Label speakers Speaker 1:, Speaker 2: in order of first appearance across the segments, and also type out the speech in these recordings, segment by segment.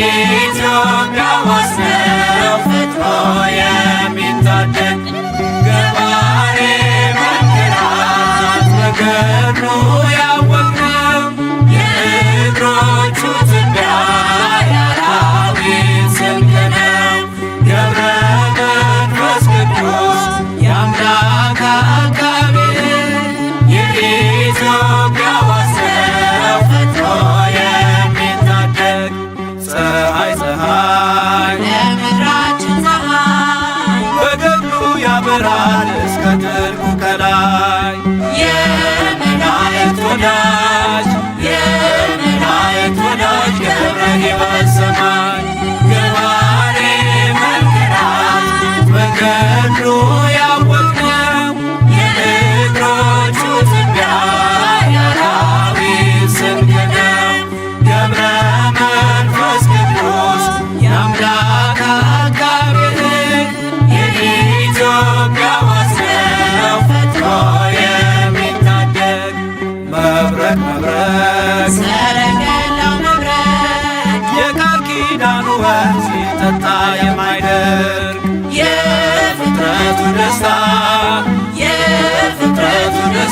Speaker 1: ኢትዮጵያ ውስጥ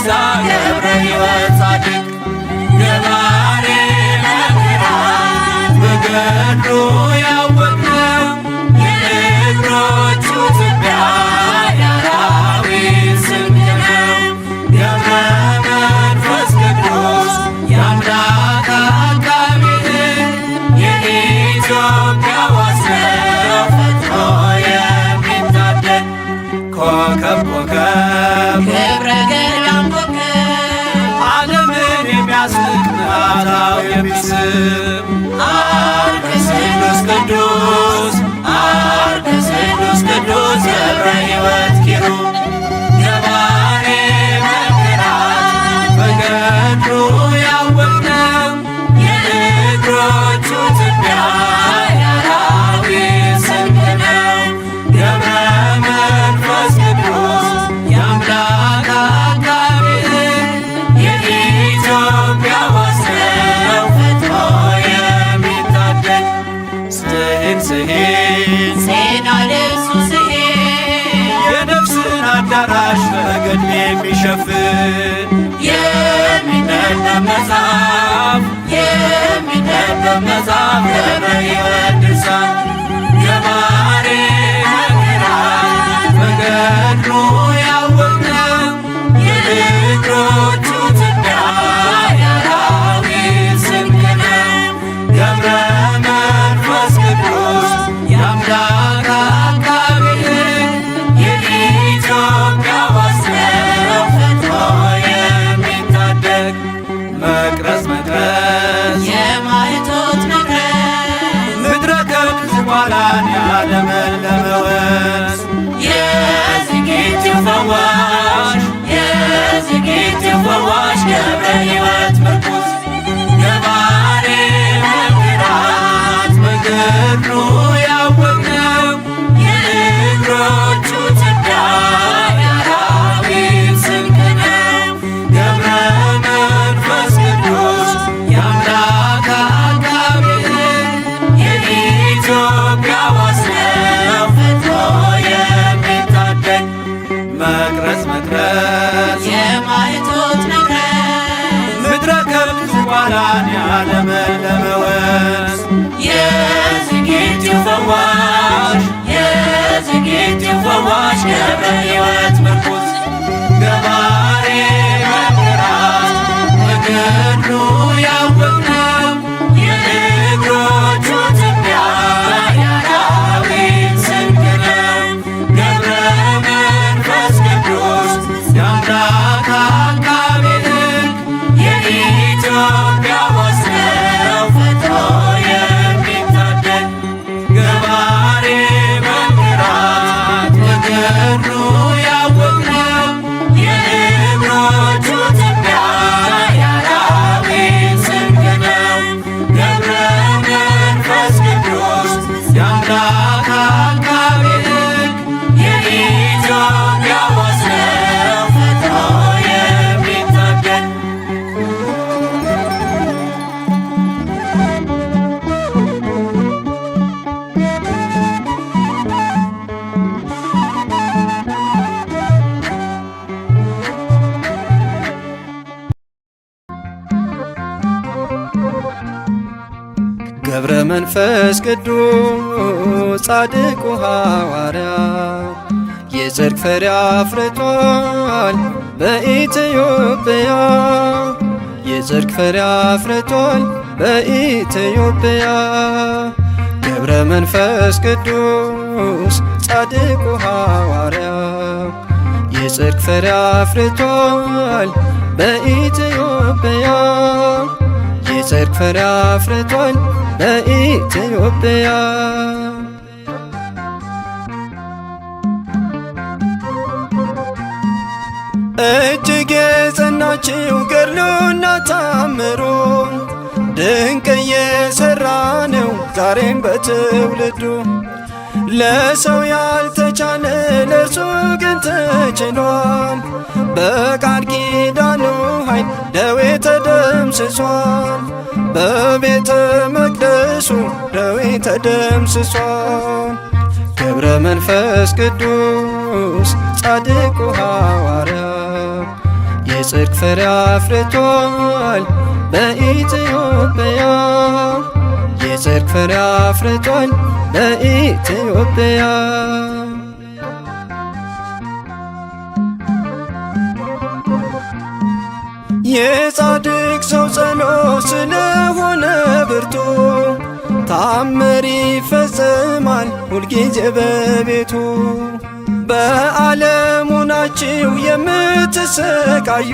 Speaker 1: さ በማታው የሚስም አርከስ ቅዱስ ቅዱስ አርከስ ቅዱስ ቅዱስ ገብረ ሕይወት your ለመለመ ወንዝ የዝጌት ፈዋሽ የዝጌት ፈዋሽ ገብረ ሕይወት
Speaker 2: ቅዱስ ጻድቁ ሐዋርያ የጽድቅ ፍሬ አፍርቷል በኢትዮጵያ የጽድቅ ፍሬ አፍርቷል በኢትዮጵያ ገብረ መንፈስ ቅዱስ ጻድቁ ሐዋርያ የጽድቅ ፍሬ አፍርቷል በኢትዮጵያ የጽድቅ ፍሬ አፍርቷል በኢትዮጵያ እጅግ የጸናችው ገድሉና ታምሩ ድንቅ እየሰራ ነው ዛሬም በትውልዱ ለሰው ያልተቻለ ለእርሱ ግን ተችሏል። በቃል ኪዳኑ ኃይል ደዌ ተደምስሷል። በቤተ መቅደሱ ደዌ ተደምስሷል። ገብረ መንፈስ ቅዱስ ጻድቁ ሐዋርያ የጽድቅ ፍሬ አፍርቷል በኢትዮጵያ የጽድቅ ፍሬ አፍርቷል ለኢትዮጵያ። የጻድቅ ሰው ጸሎት ስለሆነ ብርቱ ታምር ይፈጸማል። ሁልጊዜ በቤቱ። በዓለሙ ሆናችሁ የምትሰቃዩ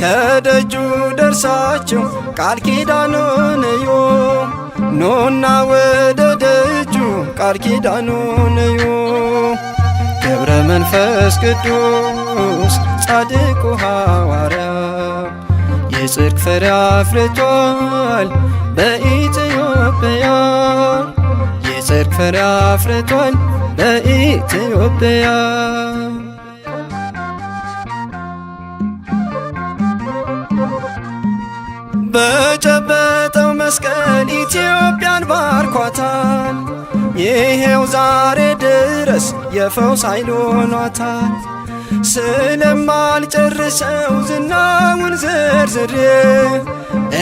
Speaker 2: ከደጁ ደርሳችሁ ቃል ኪዳኑን እዩ። ኖና ወደ ደጁ ቃል ኪዳኑን እዩ ገብረ መንፈስ ቅዱስ ጻድቁ ሐዋርያ የጽድቅ ፍሬ አፍርቷል በኢትዮጵያ የጽድቅ ፍሬ አፍርቷል በኢትዮጵያ የተገለበጠው መስቀል ኢትዮጵያን ባርኳታል። ይሄው ዛሬ ድረስ የፈውስ ኃይል ሆኗታል። ስለማልጨርሰው ዝናውን ዘርዝር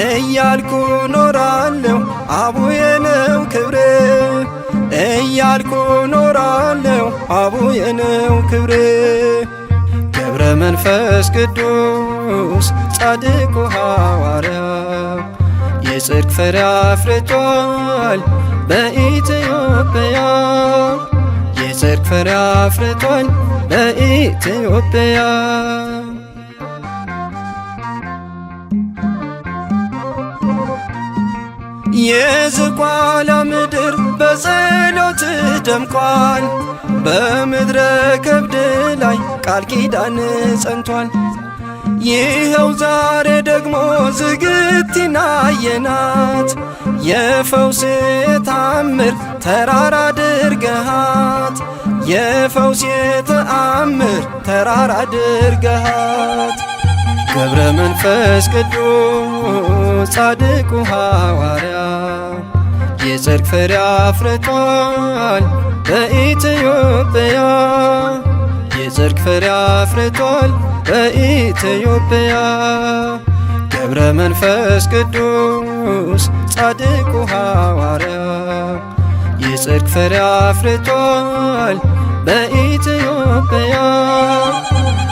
Speaker 2: እያልኩ ኖራለሁ አቡዬ ነው ክብር እያልኩ ኖራለሁ አቡዬ ነው ክብር ገብረ መንፈስ ቅዱስ ጻድቁ ሐዋርያ የጽድቅ ፍሬ አፍርቷል በኢትዮጵያ የጽድቅ ፍሬ አፍርቷል በኢትዮጵያ የዝቋላ ምድር በጸሎት ደምቋል በምድረ ከብድ ላይ ቃል ኪዳን ጸንቷል ይኸው ዛሬ ደግሞ ዝግቲና የናት የፈውስ ተአምር ተራራ አድርገሃት የፈውስ ተአምር ተራራ አድርገሃት ገብረ መንፈስ ቅዱስ ጻድቁ ሐዋርያ የጽድቅ ፍሬ አፍርቷል በኢትዮጵያ የጽድቅ ፍሬ አፍርቷል በኢትዮጵያ። ገብረ መንፈስ ቅዱስ ጻድቁ ሐዋርያ የጽድቅ ፍሬ አፍርቷል በኢትዮጵያ።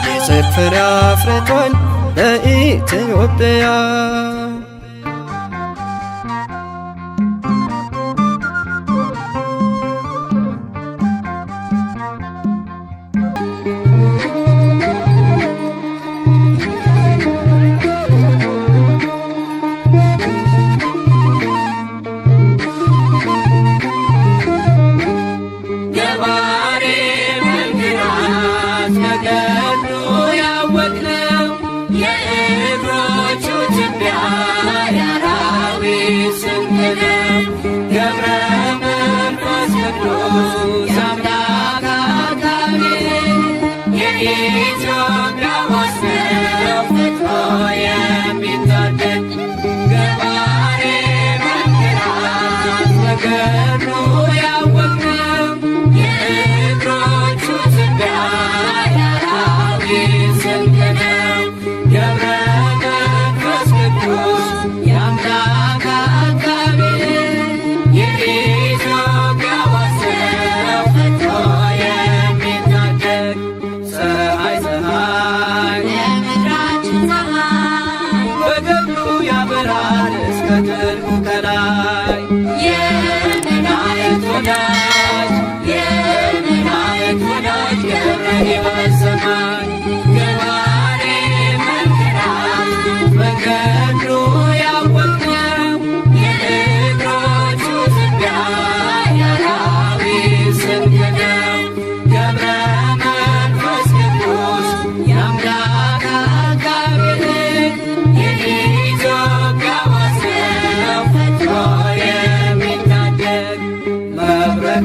Speaker 2: የጽድቅ ፍሬ አፍርቷል በኢትዮጵያ።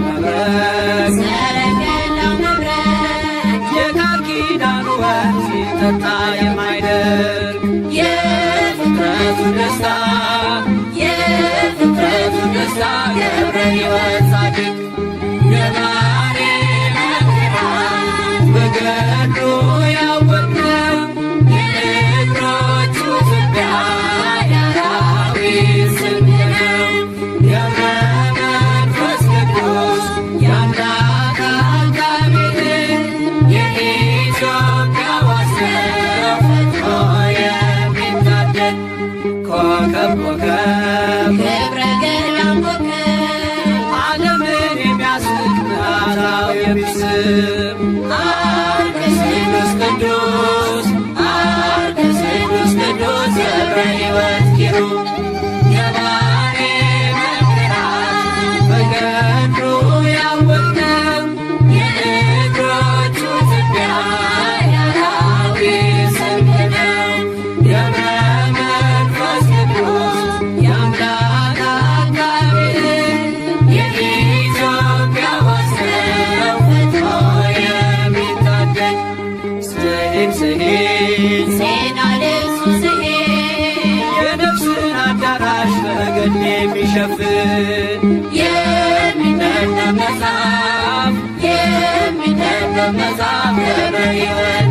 Speaker 1: መብረት
Speaker 3: ሰረግ ያለው መብረት
Speaker 1: ደስታ የፍጥረቱ ደስታ ገብረ ሕይወት ጻድቅ ልብን የሚሸፍን የሚነበብ መጽሐፍ የሚነበብ መጽሐፍ ገብረ ሕይወት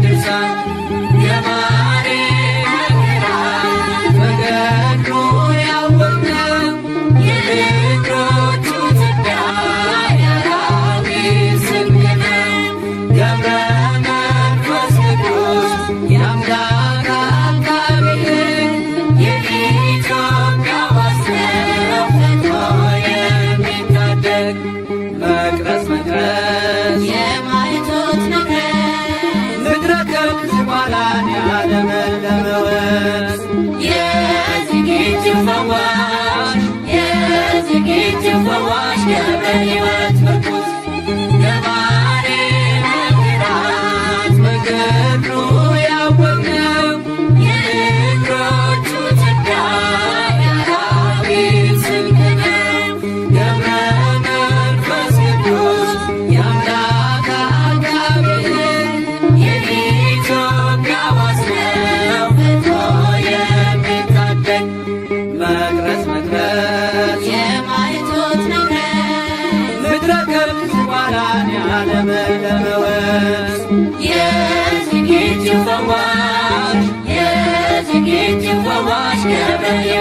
Speaker 1: Get your watch, get a